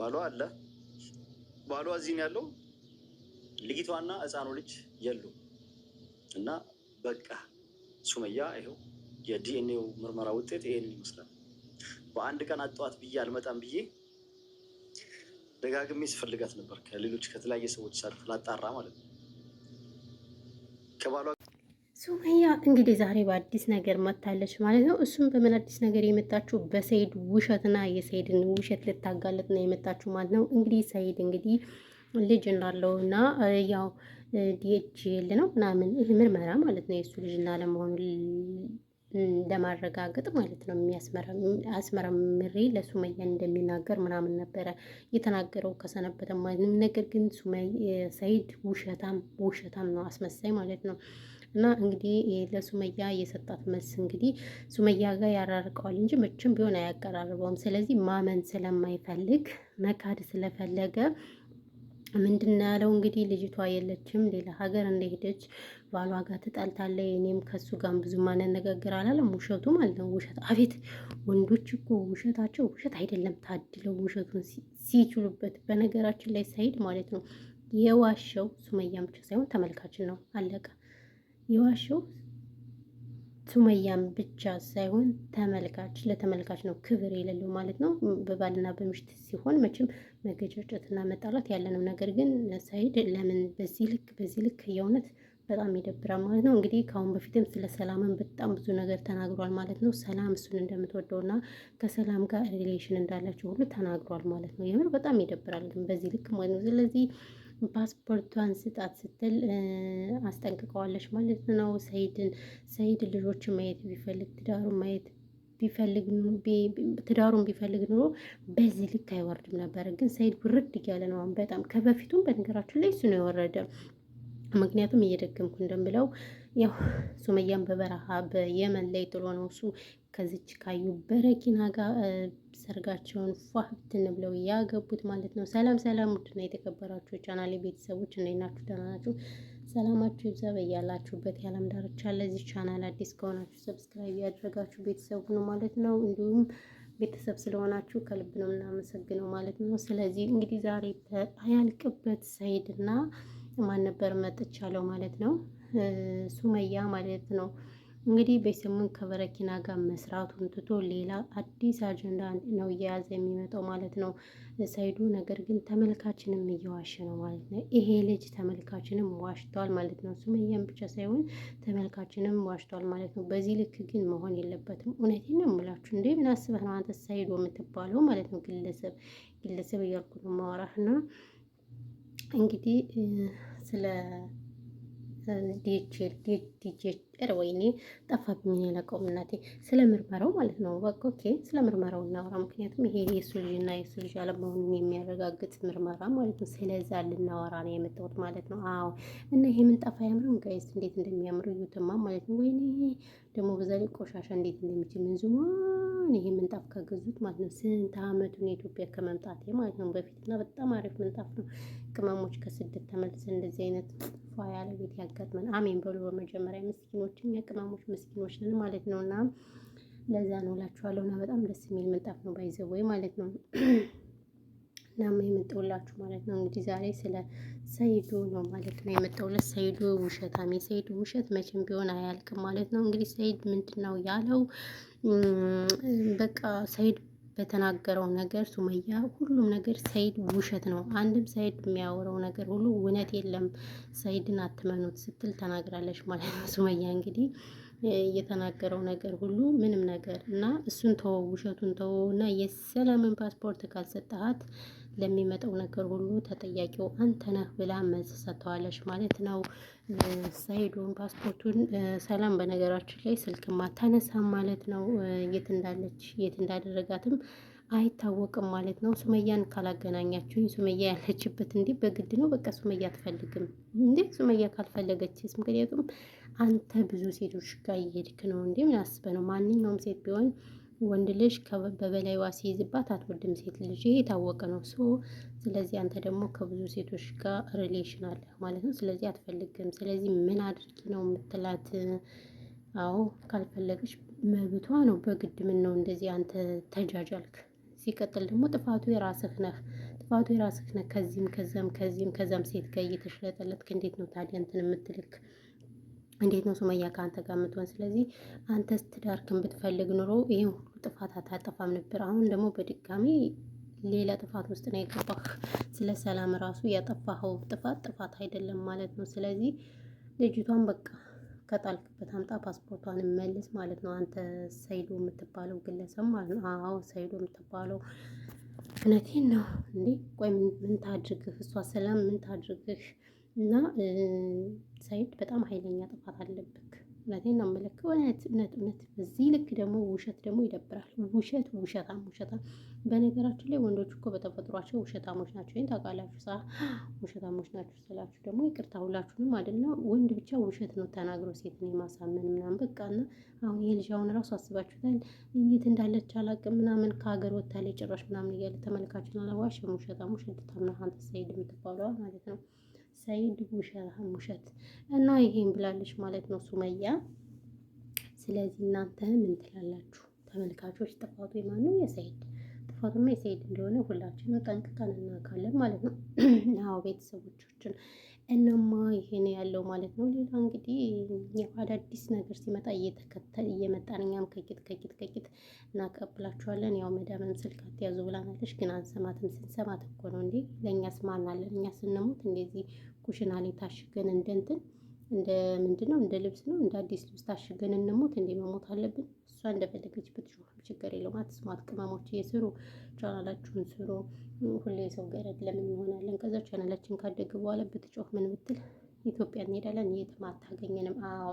ባሏ አለ። ባሏ እዚህ ነው ያለው። ልጊቷና ህፃኑ ልጅ የሉ እና በቃ ሱመያ ይኸው የዲኤንኤው ምርመራ ውጤት ይሄን ይመስላል። በአንድ ቀን አጠዋት ብዬ አልመጣም ብዬ ደጋግሜ ስፈልጋት ነበር። ከሌሎች ከተለያየ ሰዎች ላጣራ ማለት ነው ከባሏ ሱመያ እንግዲህ ዛሬ በአዲስ ነገር መታለች ማለት ነው። እሱም በምን አዲስ ነገር የመጣችሁ በሰይድ ውሸትና የሰይድን ውሸት ልታጋለጥ ነው የመጣችሁ ማለት ነው። እንግዲህ ሰይድ እንግዲህ ልጅ እንዳለው እና ያው ዲኤችኤል ነው ምናምን ይህ ምርመራ ማለት ነው የእሱ ልጅ እና ለመሆኑ ለማረጋገጥ ማለት ነው አስመረምሬ ለሱመያ እንደሚናገር ምናምን ነበረ የተናገረው ከሰነበተ ማለት ነው። ነገር ግን ሰይድ ውሸታም ውሸታም ነው አስመሳይ ማለት ነው። እና እንግዲህ ለሱመያ የሰጣት መልስ እንግዲህ ሱመያ ጋር ያራርቀዋል እንጂ መቼም ቢሆን አያቀራርበውም። ስለዚህ ማመን ስለማይፈልግ መካድ ስለፈለገ ምንድን ነው ያለው እንግዲህ ልጅቷ የለችም፣ ሌላ ሀገር እንደሄደች ባሏ ጋር ትጣልታለች፣ እኔም ከሱ ጋር ብዙ ማንነጋገር አላለም። ውሸቱ ማለት ነው ውሸት። አቤት ወንዶች እኮ ውሸታቸው ውሸት አይደለም፣ ታድለው ውሸቱን ሲችሉበት። በነገራችን ላይ ሳይድ ማለት ነው የዋሸው ሱመያ ብቻ ሳይሆን ተመልካችን ነው። አለቀ። የዋሸው ሱመያን ብቻ ሳይሆን ተመልካች ለተመልካች ነው ክብር የሌለው ማለት ነው። በባልና በምሽት ሲሆን መቼም መገጫጨትና መጣላት ያለ ነው። ነገር ግን ሳይድ ለምን በዚህ ልክ በዚህ ልክ የእውነት በጣም ይደብራል ማለት ነው። እንግዲህ ከአሁን በፊትም ስለ ሰላምን በጣም ብዙ ነገር ተናግሯል ማለት ነው። ሰላም እሱን እንደምትወደው እና ከሰላም ጋር ሪሌሽን እንዳላቸው ሁሉ ተናግሯል ማለት ነው። የምር በጣም ይደብራል በዚህ ልክ ማለት ነው። ስለዚህ ፓስፖርቷን ስጣት ስትል አስጠንቅቀዋለች ማለት ነው ሰኢድን። ሰኢድ ልጆችን ማየት ቢፈልግ ትዳሩን ማየት ቢፈልግ ትዳሩን ቢፈልግ ኑሮ በዚህ ልክ አይወርድም ነበረ። ግን ሰኢድ ውርድ እያለ ነው አሁን በጣም ከበፊቱም፣ በነገራችን ላይ እሱ ነው የወረደ። ምክንያቱም እየደገምኩ እንደምለው ያው ሱመያን በበረሃ በየመን ላይ ጥሎ ነው እሱ ከዚች ካዩ በረኪና ጋር ሰርጋቸውን ፏ ብትን ብለው ያገቡት ማለት ነው። ሰላም ሰላም፣ ውድና የተከበራችሁ ቻናል ቤተሰቦች እንዴት ናችሁ? ደህና ናችሁ? ሰላማችሁ ይብዛ በያላችሁበት የዓለም ዳርቻ። ለዚህ ቻናል አዲስ ከሆናችሁ ሰብስክራይብ ያደረጋችሁ ቤተሰቡ ነው ማለት ነው። እንዲሁም ቤተሰብ ስለሆናችሁ ከልብ ነው የምናመሰግነው ማለት ነው። ስለዚህ እንግዲህ ዛሬ በአያልቅበት ሰይድ እና ማን ነበር መጥቻለሁ ማለት ነው ሱመያ ማለት ነው እንግዲህ በሰሙን ከበረኪና ጋር መስራቱን ትቶ ሌላ አዲስ አጀንዳ ነው እየያዘ የሚመጣው ማለት ነው ሰይዱ። ነገር ግን ተመልካችንም እየዋሸ ነው ማለት ነው። ይሄ ልጅ ተመልካችንም ዋሽቷል ማለት ነው። ሱመያን ብቻ ሳይሆን ተመልካችንም ዋሽቷል ማለት ነው። በዚህ ልክ ግን መሆን የለበትም። እውነቴን ነው የምላችሁ። እንደ ምን አስበህ ነው አንተ ሰይዱ የምትባለው ማለት ነው። ግለሰብ ግለሰብ እያልኩ ማወራህ እና እንግዲህ ስለ ዲጄር ወይኔ ጠፋብኝ ያለቀው እናቴ ስለ ምርመራው ማለት ነው። በቃ ኦኬ፣ ስለ ምርመራው እናወራ። ምክንያቱም ይሄ የእሱ ልጅና የእሱ ልጅ አለመሆኑን የሚያረጋግጥ ምርመራ ማለት ነው። ስለዛ ልናወራ ነው የመጣሁት ማለት ነው። አዎ እና ይሄ ምንጣፍ አያምርም ጋይስ፣ እንዴት እንደሚያምር እዩትማ ማለት ነው። ወይኔ ደግሞ በዛ ላይ ቆሻሻ እንዴት እንደሚችል ምንዝሟን ይሄ ምንጣፍ ከገዙት ማለት ነው። ስንት አመቱን የኢትዮጵያ ከመምጣቴ ማለት ነው በፊትና በጣም አሪፍ ምንጣፍ ነው። ቅመሞች ከስደት ተመልሰን እንደዚህ አይነት ያለ ቤት ያጋጥመን፣ አሜን በሉ። በመጀመሪያ ምስኪኖችን የቅመሞች ምስኪኖች ነን ማለት ነው እና ለዛ ነው እላችኋለሁ። እና በጣም ደስ የሚል ምንጣፍ ነው ባይዘወይ ማለት ነው እና የመጣሁላችሁ ማለት ነው እንግዲህ ዛሬ ስለ ሰይዱ ነው ማለት ነው የመጣሁለት። ሰይዱ ውሸታም፣ የሰይዱ ውሸት መቼም ቢሆን አያልቅም ማለት ነው። እንግዲህ ሰይድ ምንድን ነው ያለው? በቃ ሰይድ በተናገረው ነገር ሱመያ ሁሉም ነገር ሰይድ ውሸት ነው፣ አንድም ሰይድ የሚያወራው ነገር ሁሉ እውነት የለም፣ ሰይድን አትመኑት ስትል ተናግራለች ማለት ነው ሱመያ እንግዲህ የተናገረው ነገር ሁሉ ምንም ነገር እና እሱን ተወው፣ ውሸቱን ተወው እና የሰላምን ፓስፖርት ካልሰጠሃት ለሚመጣው ነገር ሁሉ ተጠያቂው አንተ ነህ ብላ መልስ ሰጥተዋለች ማለት ነው። ሳይዶን ፓስፖርቱን ሰላም በነገራችን ላይ ስልክ ማታነሳም ማለት ነው። የት እንዳለች የት እንዳደረጋትም አይታወቅም ማለት ነው። ሱመያን ካላገናኛችሁኝ ሱመያ ያለችበት እንዴ በግድ ነው። በቃ ሱመያ አትፈልግም እንዴ ሱመያ ካልፈለገችስ ምክንያቱም አንተ ብዙ ሴቶች ጋር እየሄድክ ነው እንዴ? ምን አስበህ ነው? ማንኛውም ሴት ቢሆን ወንድ ልጅ በበላይዋ ሲይዝባት አትወድም ሴት ልጅ፣ ይሄ የታወቀ ነው። ሶ ስለዚህ አንተ ደግሞ ከብዙ ሴቶች ጋር ሪሌሽን አለ ማለት ነው። ስለዚህ አትፈልግም። ስለዚህ ምን አድርጊ ነው የምትላት? አዎ ካልፈለገች መብቷ ነው። በግድ ምን ነው እንደዚህ አንተ ተጃጃልክ። ሲቀጥል ደግሞ ጥፋቱ የራስህ ነህ። ጥፋቱ የራስህ ነህ። ከዚህም ከዛም ከዚህም ከዛም ሴት ጋር እየተሽለጠለጥክ እንዴት ነው ታዲያ እንትን የምትልክ? እንዴት ነው ሱመያ ከአንተ ጋር የምትሆን? ስለዚህ አንተ ስትዳርክን ብትፈልግ ኑሮ ይህን ሁሉ ጥፋት አታጠፋም ነበር። አሁን ደግሞ በድጋሚ ሌላ ጥፋት ውስጥ ነው የገባህ። ስለ ሰላም ራሱ ያጠፋኸው ጥፋት ጥፋት አይደለም ማለት ነው። ስለዚህ ልጅቷን በቃ ከጣልክበት አምጣ፣ ፓስፖርቷን መልስ ማለት ነው። አንተ ሰይዶ የምትባለው ግለሰብ ማለት ነው። አዎ ሰይዶ የምትባለው እውነቴን ነው እንዴ? ቆይ ምን ታድርግህ? እሷ ሰላም ምን ታድርግህ? እና ሰኢድ በጣም ኃይለኛ ጥፋት አለብክ። እውነቴን ነው የምልክ። እውነት እውነት እውነት። በዚህ ልክ ደግሞ ውሸት ደግሞ ይደብራል። ውሸት ውሸታም ውሸታም። በነገራችን ላይ ወንዶች እኮ በተፈጥሯቸው ውሸታሞች ናቸው። ይህን ታውቃላችሁ። ሳ ውሸታሞች ናቸው ስላችሁ ደግሞ ይቅርታ ሁላችሁንም ማለት ወንድ ብቻ ውሸት ነው ተናግሮ ነው የማሳመን ምናምን በቃ እና አሁን ይህ ልጅ አሁን ራሱ አስባችሁታል። እንዴት እንዳለች አላውቅም ምናምን ከሀገር ወታለች ጭራሽ ምናምን እያለ ተመልካችን አላዋሽም። ውሸታም ውሸት ታምና የምትባለዋል ማለት ነው ሰይድ ሙሸራ ሙሸት እና ይሄን ብላለች ማለት ነው ሱመያ። ስለዚህ እናንተ ምን ትላላችሁ ተመልካቾች? ጥፋቱ የማን ነው? የሰይድ ጥፋቱማ የሰኢድ እንደሆነ ሁላችን ጠንቅቀን እናውቃለን ማለት ነው። አዎ ቤተሰቦቻችን እናማ ይሄን ያለው ማለት ነው። ሌላ እንግዲህ አዳዲስ ነገር ሲመጣ እየተከተል እየመጣን እኛም ከቂት ከቂት ከቂት እናቀብላችኋለን። ያው መዳመም ስልክ አትያዙ ብላናለች፣ ግን አንሰማትም። ስንሰማት እኮ ነው እንዴ ለእኛ ማናለን? እኛ ስንሞት እንደዚህ ኩሽና ላይ ታሽገን እንደንትን እንደ ምንድን ነው እንደ ልብስ ነው እንደ አዲስ ልብስ ታሽገን እንሞት እንዴ? መሞት አለብን? እሷ እንደፈለገች ሾፍ ችግር የለውም። አትስማት። ቅመሞች የስሩ ቻናላችሁን ስሩ። ሁሌ የሰው ገረድ ለምን ይሆናለን? ከዛ ቻናላችን ካደገ በኋላ ብትጮህ ምን ብትል ኢትዮጵያ እንሄዳለን፣ የትም አታገኘንም። አዎ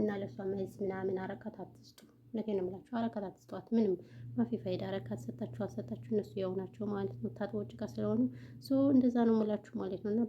እና ለሷ መልስ ምናምን አረካት አትስጡ። ነገ ነው የምላችሁ። አረካት አትስጧት። ምንም ማፊ ፋይዳ አረካት ሰጣችሁ አሰጣችሁ እነሱ የሆናቸው ማለት ነው። ታጥቦ ጭቃ ስለሆኑ እንደዛ ነው የምላችሁ ማለት ነው።